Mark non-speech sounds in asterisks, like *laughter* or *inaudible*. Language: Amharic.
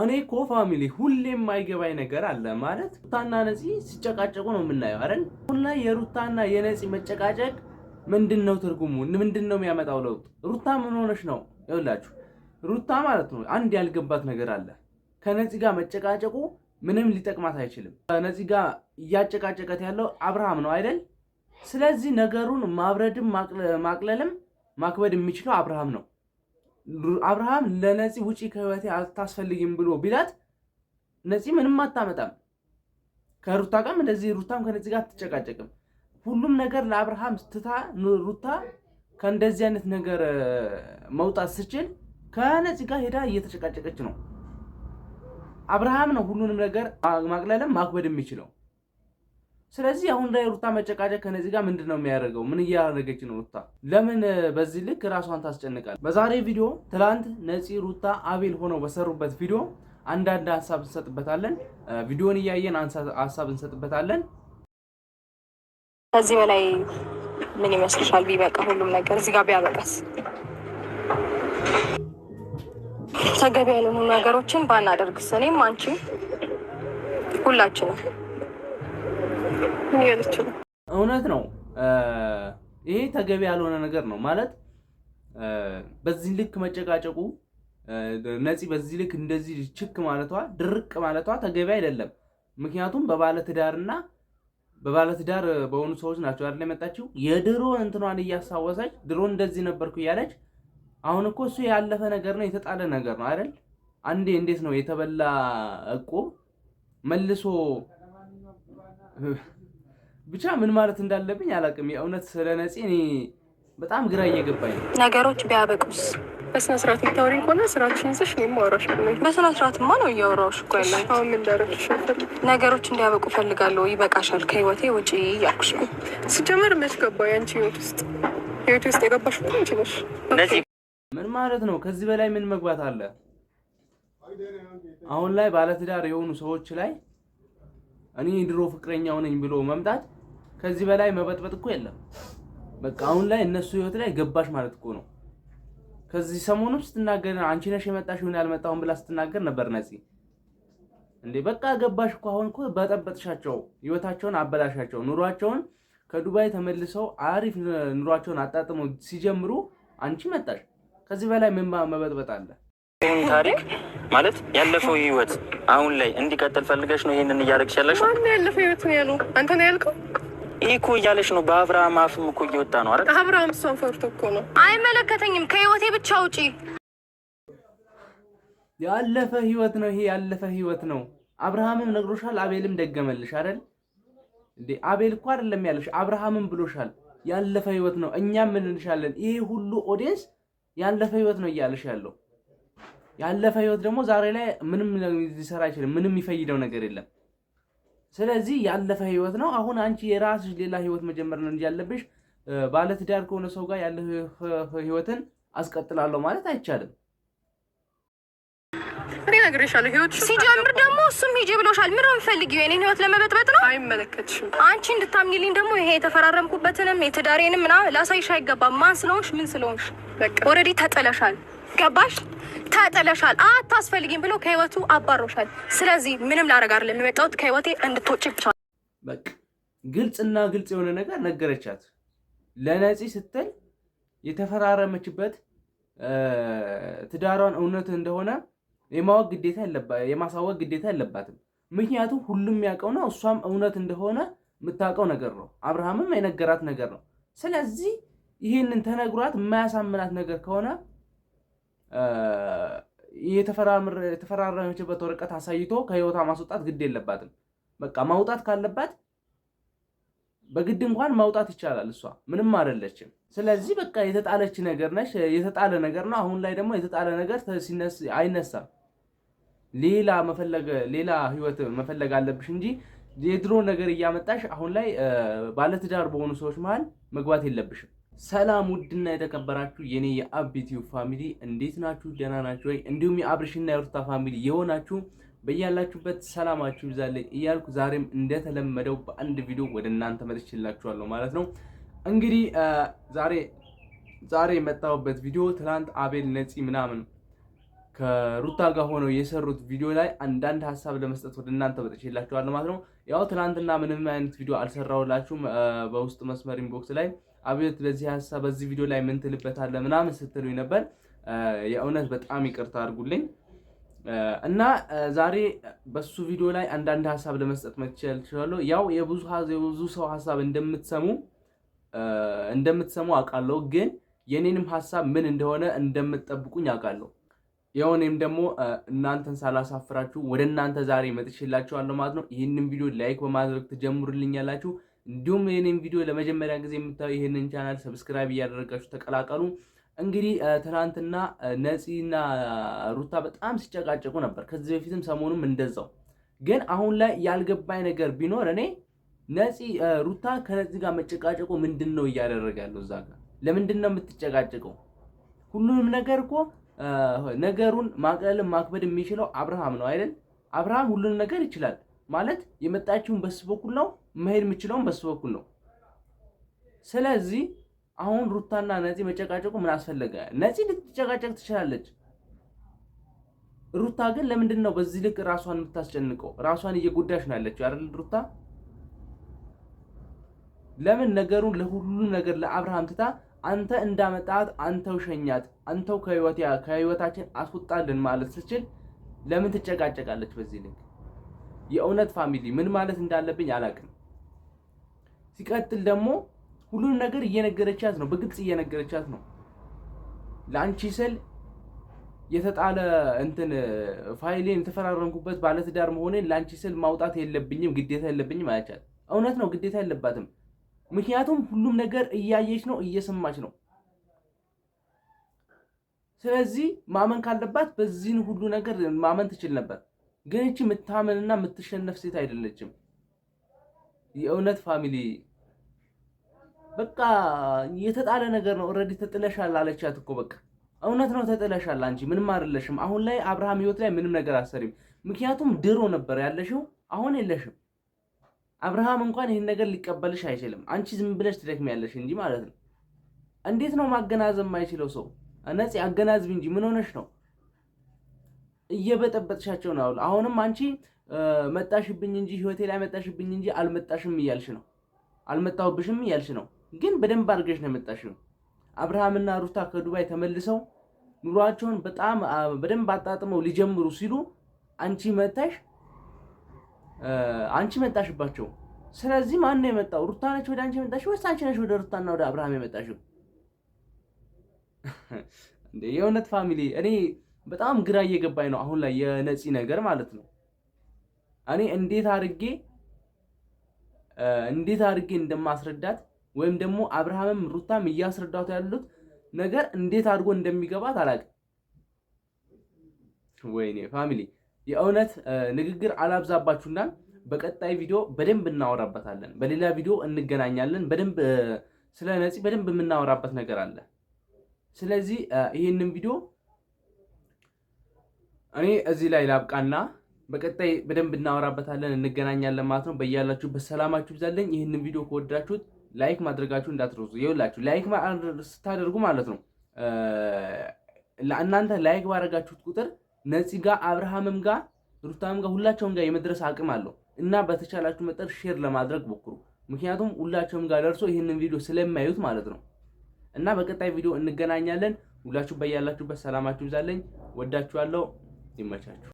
እኔ እኮ ፋሚሊ ሁሌም የማይገባኝ ነገር አለ ማለት ሩታና ነፂ ሲጨቃጨቁ ነው የምናየው አይደል? አሁን ላይ የሩታና የነፂ መጨቃጨቅ ምንድን ነው ትርጉሙ? ምንድን ነው የሚያመጣው ለውጥ? ሩታ ምን ሆነች ነው? ይኸውላችሁ ሩታ ማለት ነው አንድ ያልገባት ነገር አለ። ከነፂ ጋር መጨቃጨቁ ምንም ሊጠቅማት አይችልም። ከነፂ ጋር እያጨቃጨቀት ያለው አብርሃም ነው አይደል? ስለዚህ ነገሩን ማብረድም ማቅለልም ማክበድ የሚችለው አብርሃም ነው። አብርሃም ለነፂ ውጪ ከህይወቴ አታስፈልጊም ብሎ ቢላት ነፂ ምንም አታመጣም። ከሩታ ጋርም እንደዚህ ሩታም ከነፂ ጋር አትጨቃጨቅም። ሁሉም ነገር ለአብርሃም ስትታ ሩታ ከእንደዚህ አይነት ነገር መውጣት ስችል ከነፂ ጋር ሄዳ እየተጨቃጨቀች ነው። አብርሃም ነው ሁሉንም ነገር ማቅለልም ማክበድ የሚችለው። ስለዚህ አሁን ላይ ሩታ መጨቃጨቅ ከነዚህ ጋር ምንድን ነው የሚያደርገው? ምን እያደረገች ነው ሩታ? ለምን በዚህ ልክ ራሷን ታስጨንቃል? በዛሬ ቪዲዮ ትላንት ነፂ ሩታ አቤል ሆነው በሰሩበት ቪዲዮ አንዳንድ ሀሳብ እንሰጥበታለን። ቪዲዮን እያየን ሀሳብ እንሰጥበታለን። ከዚህ በላይ ምን ይመስልሻል? ቢበቃ ሁሉም ነገር እዚህ ጋር ቢያበቃስ? ተገቢ ያልሆኑ ነገሮችን ባናደርግስ? እኔም አንቺም ሁላችንም እውነት ነው። ይሄ ተገቢ ያልሆነ ነገር ነው ማለት በዚህ ልክ መጨቃጨቁ ነፂ በዚህ ልክ እንደዚህ ችክ ማለቷ ድርቅ ማለቷ ተገቢ አይደለም። ምክንያቱም በባለትዳርና በባለትዳር በሆኑ ሰዎች ናቸው አይደል የመጣችው። የድሮ እንትኗን እያስታወሰች ድሮ እንደዚህ ነበርኩ እያለች አሁን እኮ እሱ ያለፈ ነገር ነው፣ የተጣለ ነገር ነው አይደል? አንዴ እንዴት ነው የተበላ እቁብ መልሶ ብቻ ምን ማለት እንዳለብኝ አላውቅም። የእውነት ስለ ነፂ እኔ በጣም ግራ እየገባኝ ነው። ነገሮች ቢያበቁስ በስነ ስርዓት የምታወሪኝ ከሆነ ስራችን ይዘሽ እኔ የማወራሽ በስነ ስርዓትማ ነው እያወራሁሽ እኮ ያለሁት። አሁን ምን ዳረግሽ? ነገሮች እንዲያበቁ ፈልጋለሁ። ይበቃሻል፣ ከህይወቴ ውጪ እያልኩሽ ነው። ስጀምር መች ገባ ያንቺ ህይወት ውስጥ ህይወት ውስጥ የገባሽ ሆ አንቺ ነሽ። ምን ማለት ነው? ከዚህ በላይ ምን መግባት አለ? አሁን ላይ ባለትዳር የሆኑ ሰዎች ላይ እኔ ድሮ ፍቅረኛው ነኝ ብሎ መምጣት ከዚህ በላይ መበጥበጥ እኮ የለም። በቃ አሁን ላይ እነሱ ህይወት ላይ ገባሽ ማለት እኮ ነው። ከዚህ ሰሞኑም ስትናገር አንቺ ነሽ የመጣሽ ሆን ያልመጣሁን ብላ ስትናገር ነበር። ነፂ እንዴ በቃ ገባሽ እኮ አሁን እኮ በጠበጥሻቸው፣ ህይወታቸውን አበላሻቸው። ኑሯቸውን ከዱባይ ተመልሰው አሪፍ ኑሯቸውን አጣጥመው ሲጀምሩ አንቺ መጣሽ። ከዚህ በላይ ምን መበጥበጥ አለ? ይህን ታሪክ ማለት ያለፈው ህይወት አሁን ላይ እንዲቀጥል ፈልገሽ ነው ይህንን እያደረግሽ ያለሽ? ያለፈው ህይወት ነው ያለው። አንተ ነው ያልከው። ይህ እኮ እያለሽ ነው። በአብርሃም አፍም እኮ እየወጣ ነው። አረ አብርሃም እሷን ፈርቶ እኮ ነው። አይመለከተኝም፣ ከህይወቴ ብቻ ውጪ። ያለፈ ህይወት ነው ይሄ፣ ያለፈ ህይወት ነው። አብርሃምም ነግሮሻል፣ አቤልም ደገመልሽ አይደል እንዴ? አቤል እኮ አይደለም ያለሽ፣ አብርሃምም ብሎሻል። ያለፈ ህይወት ነው። እኛም እንልሻለን። ይሄ ሁሉ ኦዲየንስ ያለፈ ህይወት ነው እያለሽ ያለው ያለፈ ህይወት ደግሞ ዛሬ ላይ ምንም ሊሰራ አይችልም። ምንም የሚፈይደው ነገር የለም። ስለዚህ ያለፈ ህይወት ነው። አሁን አንቺ የራስሽ ሌላ ህይወት መጀመር ነው እንጂ ያለብሽ ባለትዳር ከሆነ ሰው ጋር ያለ ህይወትን አስቀጥላለሁ ማለት አይቻልም። እኔ እነግርሻለሁ፣ ህይወት ሲጀምር ደግሞ እሱም ሂጂ ብሎሻል። ምን ነው የሚፈልጊው? የእኔን ህይወት ለመበጥበጥ ነው? አይመለከትሽም። አንቺ እንድታምኝልኝ ደግሞ ይሄ የተፈራረምኩበትንም የትዳሬንም ምናምን ላሳይሽ አይገባም። ማን ስለሆንሽ ምን ስለሆንሽ፣ ኦልሬዲ ተጥለሻል። ገባሽ? ተጥለሻል፣ አታስፈልጊም ብሎ ከህይወቱ አባሮሻል። ስለዚህ ምንም ላረግ አይደለም የመጣሁት ከህይወቴ እንድትወጪ ብቻ። በቃ ግልጽና ግልጽ የሆነ ነገር ነገረቻት። ለነፂ ስትል የተፈራረመችበት ትዳሯን እውነት እንደሆነ የማወቅ ግዴታ የማሳወቅ ግዴታ ያለባትም። ምክንያቱም ሁሉም ያውቀው ነው፣ እሷም እውነት እንደሆነ የምታውቀው ነገር ነው። አብርሃምም የነገራት ነገር ነው። ስለዚህ ይህንን ተነግሯት የማያሳምናት ነገር ከሆነ የተፈራረመችበት ወረቀት አሳይቶ ከህይወቷ ማስወጣት ግድ የለባትም። በቃ ማውጣት ካለባት በግድ እንኳን ማውጣት ይቻላል። እሷ ምንም አይደለችም። ስለዚህ በቃ የተጣለች ነገር ነች፣ የተጣለ ነገር ነው። አሁን ላይ ደግሞ የተጣለ ነገር አይነሳም። ሌላ ሌላ ህይወት መፈለግ አለብሽ እንጂ የድሮ ነገር እያመጣሽ አሁን ላይ ባለትዳር በሆኑ ሰዎች መሀል መግባት የለብሽም። ሰላም ውድና የተከበራችሁ የኔ የአቢቲዩ ፋሚሊ እንዴት ናችሁ? ደህና ናችሁ ወይ? እንዲሁም የአብርሽና የሩታ ፋሚሊ የሆናችሁ በያላችሁበት ሰላማችሁ ይብዛልኝ እያልኩ ዛሬም እንደተለመደው በአንድ ቪዲዮ ወደ እናንተ መጥቼላችኋለሁ ማለት ነው። እንግዲህ ዛሬ ዛሬ የመጣሁበት ቪዲዮ ትላንት አቤል ነፂ ምናምን ከሩታ ጋር ሆነው የሰሩት ቪዲዮ ላይ አንዳንድ ሀሳብ ለመስጠት ወደ እናንተ መጥቼላችኋለሁ ማለት ነው። ያው ትላንትና ምንም አይነት ቪዲዮ አልሰራሁላችሁም። በውስጥ መስመር ኢንቦክስ ላይ አብዮት በዚህ ሀሳብ በዚህ ቪዲዮ ላይ ምን ትልበታለህ ምናምን ስትሉኝ ነበር። የእውነት በጣም ይቅርታ አድርጉልኝ እና ዛሬ በሱ ቪዲዮ ላይ አንዳንድ ሀሳብ ለመስጠት መቻል ችላለሁ። ያው የብዙ ሰው ሀሳብ እንደምትሰሙ እንደምትሰሙ አውቃለሁ፣ ግን የኔንም ሀሳብ ምን እንደሆነ እንደምትጠብቁኝ አውቃለሁ። የሆነም ደግሞ እናንተን ሳላሳፍራችሁ ወደ እናንተ ዛሬ መጥቼላችኋለሁ ማለት ነው። ይህንን ቪዲዮ ላይክ በማድረግ ትጀምሩልኛላችሁ። እንዲሁም ይህንን ቪዲዮ ለመጀመሪያ ጊዜ የምታዩ ይህንን ቻናል ሰብስክራይብ እያደረጋችሁ ተቀላቀሉ። እንግዲህ ትናንትና ነፂና ሩታ በጣም ሲጨቃጨቁ ነበር። ከዚህ በፊትም ሰሞኑም እንደዛው። ግን አሁን ላይ ያልገባኝ ነገር ቢኖር እኔ ነፂ ሩታ ከነፂ ጋር መጨቃጨቁ ምንድን ነው እያደረገ ያለው? እዛ ጋር ለምንድን ነው የምትጨቃጨቀው? ሁሉንም ነገር እኮ ነገሩን ማቅለልን ማክበድ የሚችለው አብርሃም ነው አይደል? አብርሃም ሁሉንም ነገር ይችላል ማለት የመጣችውን በስ በኩል ነው መሄድ የምችለውን በሱ በኩል ነው። ስለዚህ አሁን ሩታና ነፂ መጨቃጨቁ ምን አስፈለገ? ነፂ ልትጨቃጨቅ ትችላለች። ሩታ ግን ለምንድን ነው በዚህ ልክ ራሷን የምታስጨንቀው? ራሷን እየጎዳሽ ነው ያለችው አይደል? ሩታ ለምን ነገሩን ለሁሉም ነገር ለአብርሃም ትታ አንተ እንዳመጣት አንተው ሸኛት፣ አንተው ከህይወታችን አስወጣልን ማለት ስትችል ለምን ትጨቃጨቃለች በዚህ ልክ? የእውነት ፋሚሊ ምን ማለት እንዳለብኝ አላውቅም። ሲቀጥል ደግሞ ሁሉንም ነገር እየነገረቻት ነው፣ በግልጽ እየነገረቻት ነው። ለአንቺ ስል የተጣለ እንትን ፋይሌን የተፈራረምኩበት ባለትዳር መሆኔን ለአንቺ ስል ማውጣት የለብኝም ግዴታ የለብኝም አያቻት። እውነት ነው፣ ግዴታ የለባትም። ምክንያቱም ሁሉም ነገር እያየች ነው፣ እየሰማች ነው። ስለዚህ ማመን ካለባት በዚህን ሁሉ ነገር ማመን ትችል ነበር። ግን እቺ የምታመንና የምትሸነፍ ሴት አይደለችም። የእውነት ፋሚሊ በቃ የተጣለ ነገር ነው። ኦልሬዲ ተጥለሻል አለቻት እኮ በቃ እውነት ነው ተጥለሻል። አንቺ ምንም አይደለሽም። አሁን ላይ አብርሃም ህይወት ላይ ምንም ነገር አሰሪም። ምክንያቱም ድሮ ነበር ያለሽው፣ አሁን የለሽም። አብርሃም እንኳን ይህን ነገር ሊቀበልሽ አይችልም። አንቺ ዝም ብለሽ ትደክሚያለሽ እንጂ ማለት ነው። እንዴት ነው ማገናዘብ የማይችለው ሰው? ነፂ አገናዝብ እንጂ ምን ሆነሽ ነው? እየበጠበጥሻቸው ነው። አሁንም አንቺ መጣሽብኝ እንጂ ህይወቴ ላይ መጣሽብኝ እንጂ አልመጣሽም እያልሽ ነው። አልመጣሁብሽም እያልሽ ነው፣ ግን በደንብ አድርገሽ ነው የመጣሽው። አብርሃምና ሩታ ከዱባይ ተመልሰው ኑሯቸውን በጣም በደንብ አጣጥመው ሊጀምሩ ሲሉ አንቺ መታሽ አንቺ መጣሽባቸው። ስለዚህ ማን ነው የመጣው? ሩታ ነች ወደ አንቺ የመጣሽ ወይስ አንቺ ነሽ ወደ ሩታና ወደ አብርሃም የመጣሽው? *laughs* የእውነት ፋሚሊ፣ እኔ በጣም ግራ እየገባኝ ነው አሁን ላይ የነፂ ነገር ማለት ነው። እኔ እንዴት አድርጌ እንዴት አድርጌ እንደማስረዳት ወይም ደግሞ አብርሃምም ሩታም እያስረዳቱ ያሉት ነገር እንዴት አድርጎ እንደሚገባት አላውቅም። ወይኔ ፋሚሊ የእውነት ንግግር አላብዛባችሁና በቀጣይ ቪዲዮ በደንብ እናወራበታለን። በሌላ ቪዲዮ እንገናኛለን። በደንብ ስለ ነፂ በደንብ የምናወራበት ነገር አለ። ስለዚህ ይህንን ቪዲዮ እኔ እዚህ ላይ ላብቃና በቀጣይ በደንብ እናወራበታለን። እንገናኛለን ማለት ነው። በያላችሁበት ሰላማችሁ ይብዛልኝ። ይህንን ቪዲዮ ከወዳችሁት ላይክ ማድረጋችሁ እንዳትረሱ። ይኸውላችሁ ላይክ ስታደርጉ ማለት ነው እናንተ ላይክ ባደረጋችሁት ቁጥር ነፂ ጋ አብርሃምም ጋ ሩታም ጋ ሁላቸውም ጋር የመድረስ አቅም አለው እና በተቻላችሁ መጠን ሼር ለማድረግ ሞክሩ። ምክንያቱም ሁላቸውም ጋር ደርሶ ይህንን ቪዲዮ ስለማዩት ማለት ነው እና በቀጣይ ቪዲዮ እንገናኛለን። ሁላችሁ በያላችሁበት ሰላማችሁ ብዛለኝ ወዳችኋለሁ። ይመቻችሁ።